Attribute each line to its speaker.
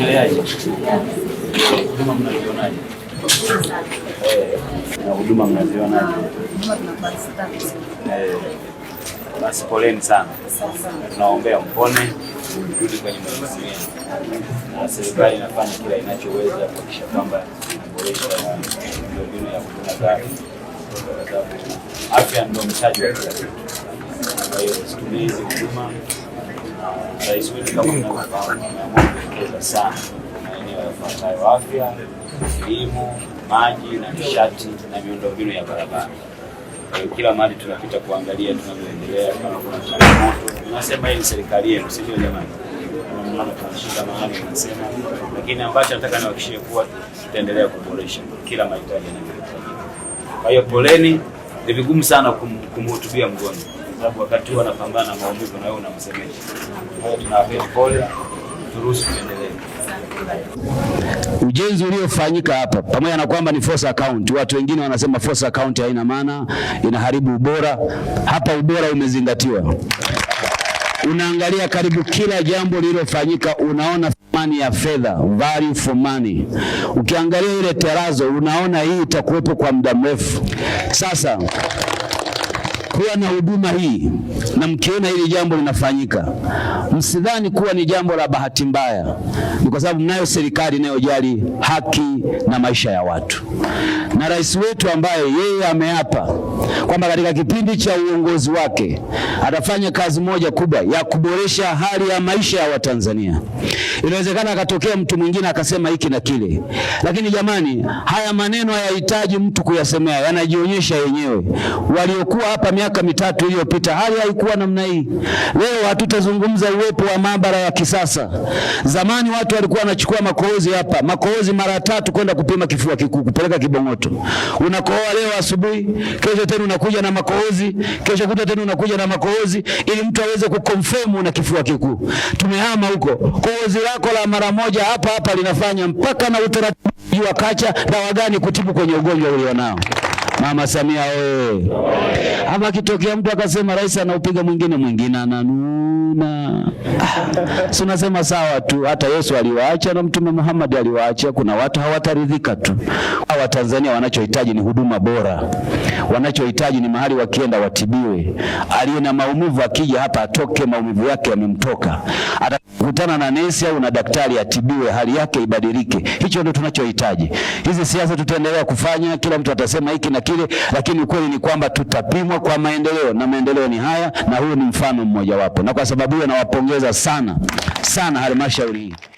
Speaker 1: inaendeleaje? huduma, mnazionaje na huduma mnazionaje?
Speaker 2: Ah,
Speaker 1: eh, basi poleni sana, tunaombea mpone rudi kwenye majukumu yenu, na serikali inafanya kila inachoweza kuhakikisha kwamba inaboresha miundombinu ya huduma za afya. Afya ndio mtaji wa kila kitu, kwa hiyo situmie hizi huduma Rais wetu kama amewekeza sana maeneo yafuatayo: afya, elimu, maji na nishati na miundombinu ya barabara. Kila mahali tunapita kuangalia tunavyoendelea, kama kuna changamoto tunasema hii ni serikali yenu, sivyo jamani? Tunashika mahali tunasema, lakini ambacho nataka niwahakikishie kuwa tutaendelea kuboresha kila mahitaji yanayohitajika. Kwa hiyo poleni, ni vigumu sana kumhutubia mgonjwa sababu wakati huo anapambana na maumivu na wewe unamsemesha. Kwa hiyo tunawapeni pole, turuhusu tuendelee.
Speaker 3: Ujenzi uliofanyika hapa pamoja na kwamba ni force account, watu wengine wanasema force account haina maana, inaharibu ubora. Hapa ubora umezingatiwa. Unaangalia karibu kila jambo lililofanyika, unaona thamani ya fedha, value for money. Ukiangalia ile terazo, unaona hii itakuwepo kwa muda mrefu. Sasa kuwa na huduma hii na mkiona hili jambo linafanyika, msidhani kuwa ni jambo la bahati mbaya. Ni kwa sababu mnayo serikali inayojali haki na maisha ya watu, na rais wetu ambaye yeye ameapa kwamba katika kipindi cha uongozi wake atafanya kazi moja kubwa ya kuboresha hali ya maisha ya Watanzania. Inawezekana akatokea mtu mwingine akasema hiki na kile, lakini jamani, haya maneno hayahitaji mtu kuyasemea, yanajionyesha yenyewe. Waliokuwa hapa miaka miaka mitatu iliyopita hali haikuwa namna hii. Leo hatutazungumza uwepo wa maabara ya kisasa. Zamani watu walikuwa wanachukua makohozi hapa, makohozi mara tatu kwenda kupima kifua kikuu, kupeleka Kibong'oto. Unakohoa leo asubuhi, kesho tena unakuja na makohozi, kesho kuta tena unakuja na makohozi, ili mtu aweze kukonfirm una kifua kikuu. Tumehama huko, kohozi lako la mara moja hapa hapa linafanya mpaka na utaratibu wa kacha dawa gani kutibu kwenye ugonjwa ulionao. Mama Samia oye! Ama akitokea mtu akasema rais anaupiga mwingine, mwingine ananuna, ah, si unasema sawa tu. Hata Yesu aliwaacha na Mtume Muhammad aliwaacha. Kuna watu hawataridhika tu. Hawa Tanzania wanachohitaji ni huduma bora, wanachohitaji ni mahali wakienda watibiwe. Aliye na maumivu akija hapa atoke, maumivu yake yamemtoka kukutana na nesi au na daktari atibiwe, hali yake ibadilike. Hicho ndio tunachohitaji. Hizi siasa tutaendelea kufanya, kila mtu atasema hiki na kile, lakini ukweli ni kwamba tutapimwa kwa maendeleo, na maendeleo ni haya, na huyu ni mfano mmojawapo, na kwa sababu hiyo nawapongeza sana sana halmashauri hii.